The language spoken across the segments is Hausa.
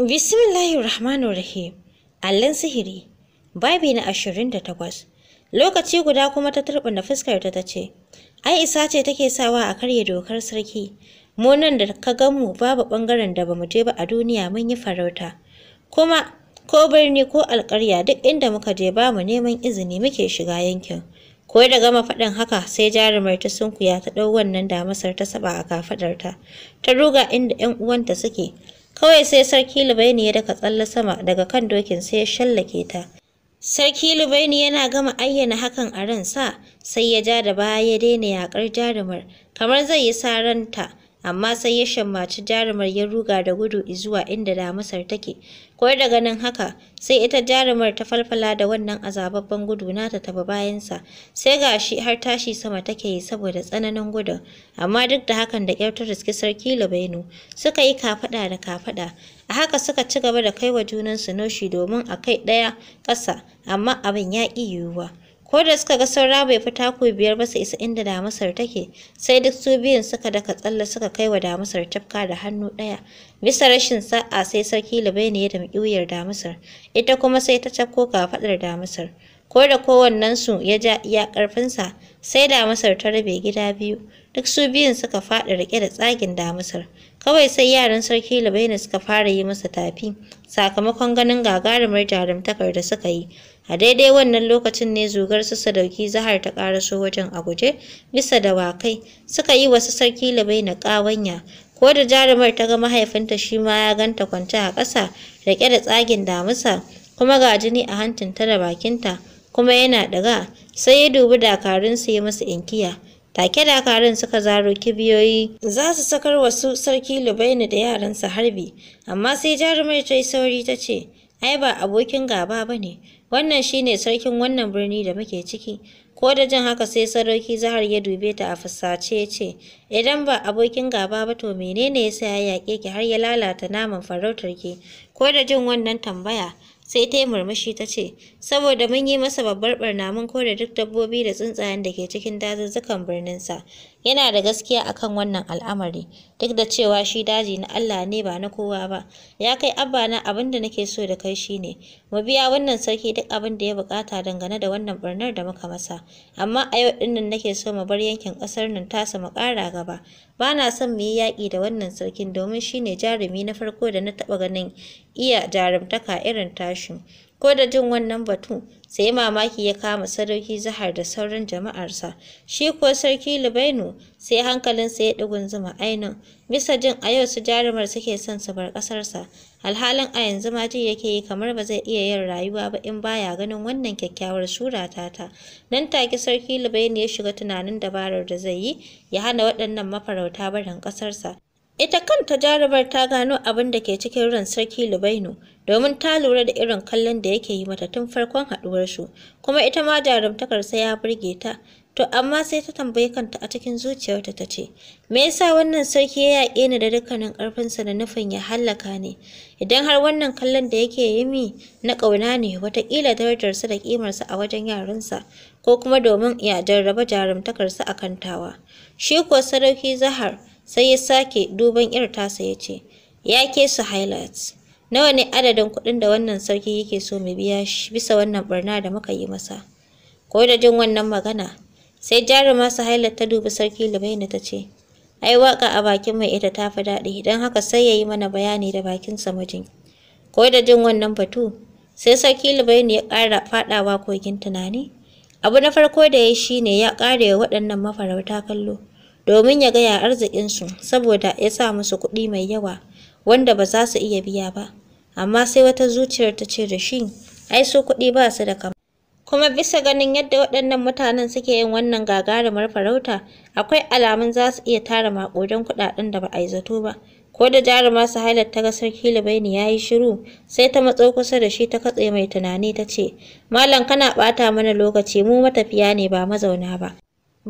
Bismillahirrahmanirrahim. Allan sihiri. Babi na ashirin da takwas. Lokaci guda kuma ta turɓina fuskar ta ta ce, Ai isa ce take sawa a karya dokar sarki. Mu nan da ka gan mu babu ɓangaren da bamu je ba a duniya mun yi farauta. Kuma ko birni ko alƙarya duk inda muka je ba mu neman izini muke shiga yankin. Ko da gama faɗin haka sai jarumar ta sunkuya ta ɗau wannan damasar ta saba a kafaɗarta. Ta ruga inda ‘yan uwanta suke. Kawai sai sarki Lubaini ya daka tsalle sama daga kan dokin sai ya shallake ta. Sarki Lubaini yana gama ayyana hakan a ransa sai ya ja da baya ya daina yakar jarumar kamar zai yi saranta amma sai ya shammaci jarumar ya ruga da gudu izuwa inda damisar take koyar da ganin haka sai ita jarumar ta falfala da wannan azababban gudu nata ta bayansa sai gashi har tashi sama take yi saboda tsananin gudun amma duk da hakan da kyautar ta riski sarki labainu suka yi kafaɗa da kafaɗa a haka suka ci gaba da kai wa junansu noshi domin a kai ɗaya ƙasa amma abin ya ƙi yiwuwa ko da suka ga saura bai fi taku biyar ba su isa inda damasar take sai duk su biyun suka daka tsalla suka kai wa damasar tafka da hannu ɗaya bisa rashin sa'a sai sarki ne ya damƙi wuyar damasar ita kuma sai ta tafko kafaɗar damasar ko da kowannensu ya ja iya ƙarfinsa sai damasar ta rabe gida biyu duk su biyun suka faɗi riƙe da tsagin damasar kawai sai yaran sarki labaini suka fara yi masa tafi sakamakon ganin gagarumar jarumtakar da suka yi a daidai wannan lokacin ne zugar su sadauki zahar ta karaso wajen a guje bisa da wakai suka yi wasu sarki labai na ƙawanya ko da jarumar ta ga mahaifinta shi ma ya ganta kwance a ƙasa rike da tsagin damusa kuma ga jini a ta da bakinta kuma yana ɗaga sai ya dubi dakarun su yi musu inkiya take dakarun suka zaro kibiyoyi za su sakar wasu sarki lubaini da yaransa harbi amma sai jarumar ta yi sauri ta ce ai ba abokin gaba ba ne Wannan shine sarkin wannan birni da muke ciki. Ko da jin haka sai sarauki Zahar ya dube ta a fusace ya ce, Idan ba abokin gaba ba to menene ya sa ya yaƙe ki har ya lalata naman farautar ki? Ko da jin wannan tambaya, sai ta yi murmushi ta ce, Saboda mun yi masa babbar barna mun kore duk dabbobi da tsuntsayen da ke cikin dazuzzukan birninsa, yana da gaskiya a kan wannan al'amari duk da cewa shi daji na Allah ne ba na kowa ba ya kai abba na abin da nake so da kai shi ne. mu biya wannan sarki duk abin da ya bukata dangane da wannan barnar da muka masa amma a yau dinnan nake so mu bar yankin ƙasar nan tasa mu kara gaba ba na son mu yi yaƙi da wannan sarkin domin shi ne jarumi na farko da na taɓa ganin iya jarumtaka irin tashi ko da jin wannan batu sai mamaki ya kama sadauki zahar da sauran jama'arsa shi ko sarki lubainu sai hankalinsa ya ɗigun zuma ainin bisa jin a yau su jarumar suke son su bar ƙasarsa alhalin a yanzu ma jin yake yi kamar ba zai iya yin rayuwa ba in baya ganin wannan kyakkyawar sura tata nan take sarki lubainu ya shiga tunanin dabarar da zai yi ya hana waɗannan mafarauta barin ƙasarsa Ita kanta jarumar ta gano abin da ke cikin ran sarki Lubainu domin ta lura da irin kallon da yake yi mata tun farkon haɗuwarsu, kuma ita ma jarumtakarsa ya burge ta. To amma sai ta tambayi kanta a cikin zuciyarta ta ce, Me yasa wannan sarki ya yaƙe ni da dukkanin ƙarfinsa da nufin ya hallaka ne, Idan har wannan kallon da yake yi mi na ƙauna ne wataƙila darajarsa da ƙimarsa a wajen yaransa, ko kuma domin ya jarraba jarumtakarsa a kantawa. Shi ko sarauki Zahar sai ya sake duban ƴar tasa ya ce, Ya ke su highlights, nawa ne adadin kuɗin da wannan sarki yake so mu biya shi bisa wannan barna da muka yi masa. Ko da jin wannan magana, sai jaruma su highlight ta dubi sarki Lubaina ta ce, Ai waka a bakin mai ita ta fi daɗi, don haka sai ya yi mana bayani da bakin samajin. Ko da jin wannan batu, sai sarki Lubaini ya ƙara faɗawa kogin tunani. Abu na farko da ya shi ne ya ƙare waɗannan mafarauta kallo. domin ya gaya arzikinsu saboda ya sa musu kuɗi mai yawa wanda ba za su iya biya ba. Amma sai wata zuciyar ta ce da shi, ai su kuɗi ba su da kama. Kuma bisa ganin yadda waɗannan mutanen suke yin wannan gagarumar farauta, akwai alamun za su iya tara maƙudan kuɗaɗen da ba a yi zato ba. Ko da jaruma su ta ga sarki Lubaini ya yi shiru, sai ta matso kusa da shi ta katse mai tunani ta ce, Malam kana ɓata mana lokaci mu matafiya ne ba mazauna ba.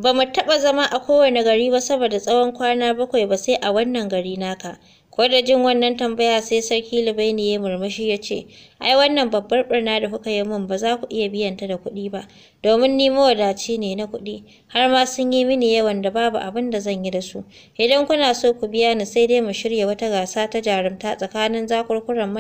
Ba mu taɓa zama a kowane gari ba saboda tsawon kwana bakwai ba sai a wannan gari naka. Ko da jin wannan tambaya sai sarki Lubaini ya murmushi ya ce, Ai wannan babbar birna da kuka yi min ba za ku iya biyan ta da kuɗi ba, domin ni mawadaci ne na kuɗi, har ma sun yi mini yawan da babu abin da zan yi da su. Idan kuna so ku biya ni sai dai mu shirya wata gasa ta jarumta tsakanin zakurkuran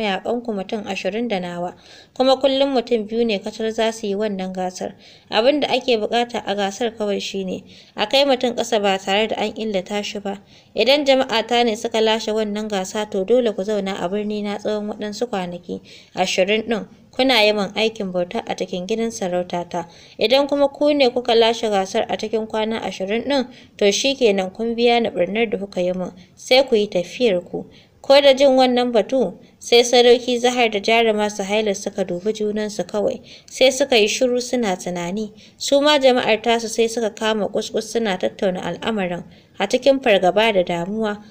ku mutum ashirin da nawa, kuma kullum mutum biyu ne kacal za su yi wannan gasar. Abin da ake buƙata a gasar kawai shine, a kai mutum ƙasa ba tare da an illata shi ba, Idan jama'a ta ne suka lashe wannan gasa to dole ku zauna a birni na tsawon waɗansu kwanaki ashirin ɗin kuna yawan aikin bauta a cikin gidan sarautata. Idan kuma ku ne kuka lashe gasar a cikin kwana ashirin ɗin to shi kenan kun biya ni ɓarnar da kuka yi min sai ku yi tafiyar ku. Ko da jin wannan batu sai sadauki zahar da jaruma su haila suka dubi junansu kawai sai suka yi shiru suna tunani su ma jama'ar tasu sai suka kama kuskus suna tattauna al'amarin a cikin fargaba da damuwa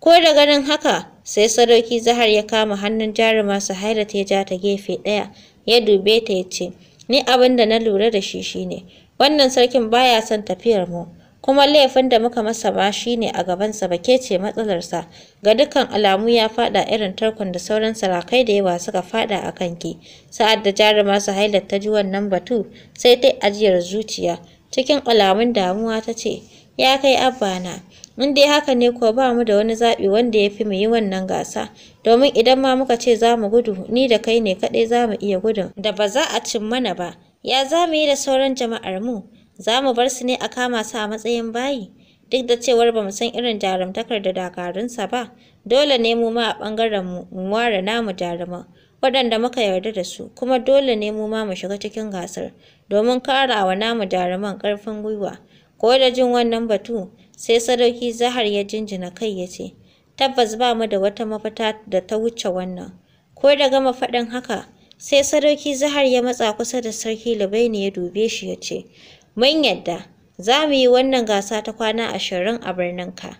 ko da ganin haka sai sadauki zahar ya kama hannun jaruma su haila ta ja ta gefe ɗaya ya dube ta ya ce ni abin da na lura da shi shine wannan sarkin baya son tafiyar mu kuma laifin da muka masa ba shi ne a gabansa ba ke ce matsalarsa ga dukkan alamu ya fada irin tarkon da sauran sarakai da yawa suka fada a kanki sa'ad da jaruma su haila ta ji wannan batu sai ta ajiyar zuciya cikin alamun damuwa ta ce ya kai abba na in dai haka ne ko ba mu da wani zaɓi wanda ya fi mu yi wannan gasa domin idan ma muka ce za mu gudu ni da kai ne kaɗai za mu iya gudun da ba za a cin mana ba ya za mu yi da sauran jama'ar mu za mu bar su ne a kama su a matsayin bayi duk da cewar ba mu san irin jarumtakar da dakarunsa ba dole ne mu ma a ɓangaren mu ware namu jaruman waɗanda muka yarda da su kuma dole ne mu ma mu shiga cikin gasar domin kara wa namu jaruman ƙarfin gwiwa ko da jin wannan batu sai sadauki zahar ya jinjina kai ya ce tabbas ba mu da wata mafita da ta wuce wannan ko da gama faɗin haka sai sadauki zahar ya matsa kusa da sarki labaini ya dube shi ya ce Mun yadda, za mu yi wannan gasa ta kwana ashirin a birnin ka.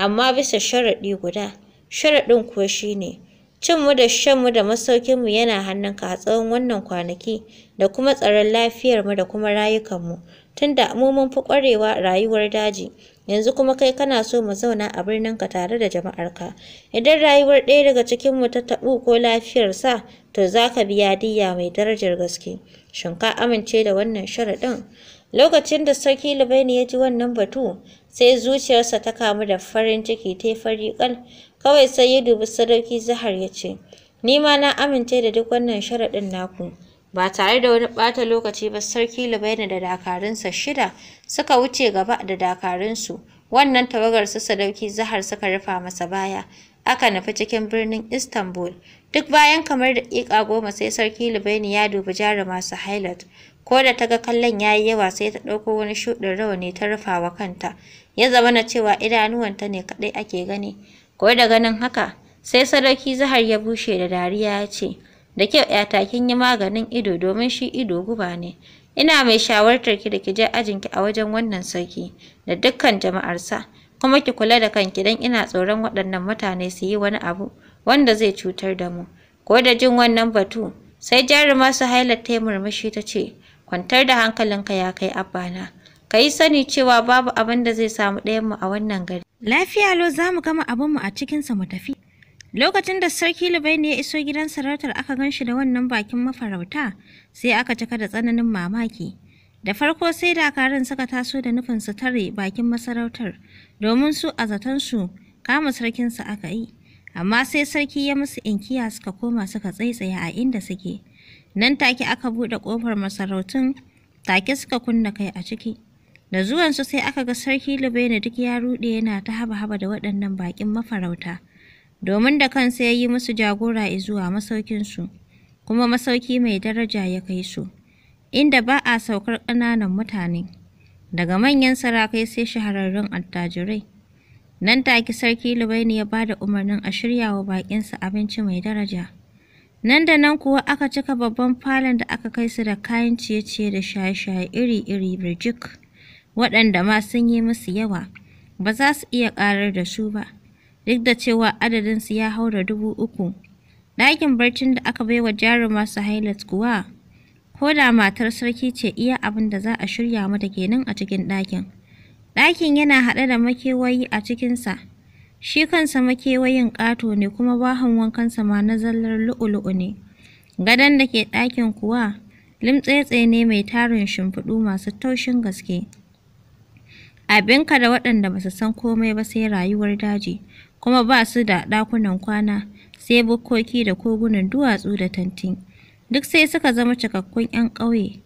amma bisa sharaɗi guda, sharaɗin kuwa shi ne, cinmu da shanmu da masaukinmu yana hannunka a tsawon wannan kwanaki da kuma tsaron lafiyarmu da kuma rayukanmu, da mu mun fi ƙwarewa rayuwar daji, yanzu kuma kai kana so mu zauna a birnin ka tare da jama'arka. Idan rayuwar ɗaya daga cikinmu ta taɓu ko lafiyarsa, to za ka biya diyya mai darajar gaske. Shin ka amince da wannan sharaɗin? Lokacin da Sarki Lubaini ya ji wannan batu, sai zuciyarsa ta kamu da farin ciki ta fari kal. Kawai sai ya dubi Sadauki Zahar ya ce, Ni ma na amince da duk wannan sharaɗin naku. Ba tare da wani ɓata lokaci ba Sarki Lubaini da dakarunsa shida suka wuce gaba da dakarunsu. Wannan tawagar su Sadauki Zahar suka rufa masa baya. aka nufi cikin birnin Istanbul. Duk bayan kamar daƙiƙa goma sai Sarki Lubaini ya dubi jaruma Sahailat, ko da ta ga kallon ya yi yawa sai ta ɗauko wani shuɗin ne ta rufa wa kanta ya zama na cewa idanuwanta ne kaɗai ake gani ko da ganin haka sai sadauki zahar ya bushe da dariya ya ce da kyau 'yata kin yi maganin ido domin shi ido guba ne ina mai shawartar ki da ki je ki a wajen wannan sarki da dukkan jama'ar sa. kuma ki kula da kanki don ina tsoron waɗannan mutane su yi wani abu wanda zai cutar da mu ko da jin wannan batu sai jarumar su hailar ta yi murmushi ta ce kwantar da hankalinka ya kai abana ka yi sani cewa babu abin da zai samu ɗayanmu a wannan gari lafiya lo za mu gama abinmu a cikinsa mu tafi Lokacin da Sarki ne ya iso gidan sarautar aka gan shi da wannan bakin mafarauta, sai aka cika da tsananin mamaki. Da farko sai dakarun suka taso da nufin su tare bakin masarautar, domin su a zatansu kama sarkinsu aka yi. Amma sai sarki ya musu inkiya suka koma suka tsaitsaye a inda suke. nan take aka buɗe ƙofar masarautun take suka kunna kai a ciki da zuwansu sai aka ga sarki lubaina duk ya ruɗe yana ta haba-haba da waɗannan baƙin mafarauta domin da kansa ya yi musu jagora zuwa su, kuma masauki mai daraja ya kai su inda ba a saukar ƙananan mutane daga manyan sarakai sai shahararrun attajirai nan take sarki lubaini ya ba da umarnin a shirya wa baƙinsa abinci mai daraja Nan da nan kuwa aka cika babban falon da aka kai su da kayan ciye-ciye da shaye-shaye iri-iri birjik, waɗanda ma sun yi musu yawa, ba za su iya ƙarar da su ba, duk da cewa adadinsu ya hau da dubu uku. Ɗakin barcin da aka baiwa masu hailat kuwa, ko da matar sarki ce iya abin da za a shirya mata kenan a cikin ɗakin. Ɗakin yana haɗe da makewayi a cikinsa, Shi kansa makewayin ƙato ne kuma bahan wankansa ma na zallar lu'ulu'u ne. Gadon da ke ɗakin kuwa limtsetse ne mai tarin shimfiɗu masu taushin gaske. Abinka da waɗanda ba su san komai ba sai rayuwar daji, kuma ba su da ɗakunan kwana, sai bukkoki da kogunan duwatsu da tanti. Duk sai suka zama cikakkun 'yan ƙauye,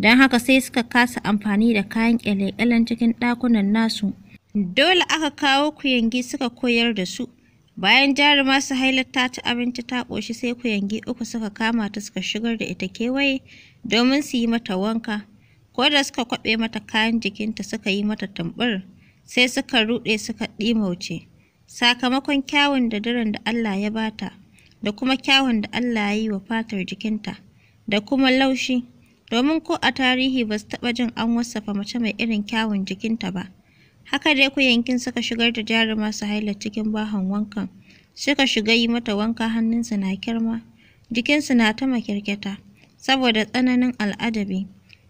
don haka sai suka kasa amfani da kayan ƙyale-ƙyalen cikin ɗakunan nasu. Dole aka kawo kuyangi suka koyar da su. Bayan jaruma Suhaila ta ci abinci ta ƙoshi sai kuyangi uku suka kama ta suka shigar da ita kewaye domin su yi mata wanka. Ko da suka kwaɓe mata kayan jikinta suka yi mata tambur sai suka ruɗe suka ɗimauce. Sakamakon kyawun da daren da Allah ya bata da kuma kyawun da Allah ya yi wa fatar jikinta da kuma laushi domin ko a tarihi ba su taɓa jin an wasafa mace mai irin kyawun jikinta ba. Haka dai ku yankin suka shigar da jaruma hailat cikin bahan wankan. Suka shiga yi mata wanka hannunsa na kirma, jikinsu na ta makirkita, saboda tsananin al'adabi.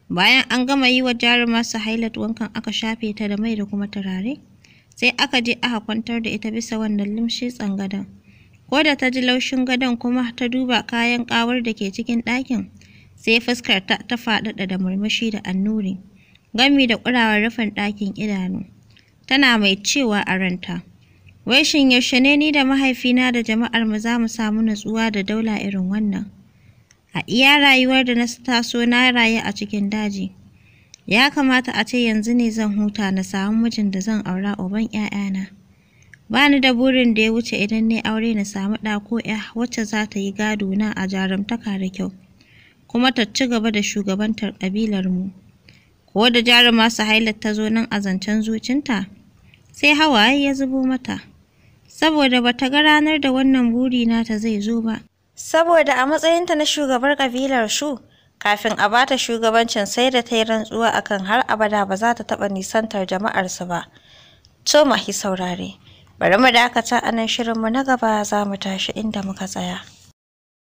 Bayan an gama yi wa jaruma hailat wankan aka shafe ta da mai da kuma turare, sai aka je aka kwantar da ita bisa wannan limshi tsangadan. Ko da ta ji laushin gadon kuma ta duba kayan ƙawar da ke cikin ɗakin, sai fuskar ta ta faɗaɗa da murmushi da annuri, gami da ƙurawar rufin ɗakin idanu. tana mai cewa a ranta. Wai shin yaushe ne ni da mahaifina da jama'ar mu za mu samu natsuwa da daula irin wannan? A iya rayuwar da na taso na rayu a cikin daji. Ya kamata a ce yanzu ne zan huta na samu mijin da zan aura uban 'ya'yana. Ba ni da burin da ya wuce idan ne aure na samu ɗa ko ƴa wacce za ta yi gado na a jarumtaka da kyau, kuma ta ci gaba da shugabantar ƙabilar mu. wadda jaruma Suhailat ta zo nan a zancen zucinta, sai hawaye ya zubo mata, saboda ba ta ga ranar da wannan buri nata zai zo ba. Saboda a matsayinta na shugabar kabilar Shu, kafin a bata shugabancin sai da ta yi rantsuwa akan har abada ba za ta taɓa nisantar jama'arsu ba. To mahi saurare, bari mu dakata anan nan shirinmu na gaba za mu tashi inda muka tsaya.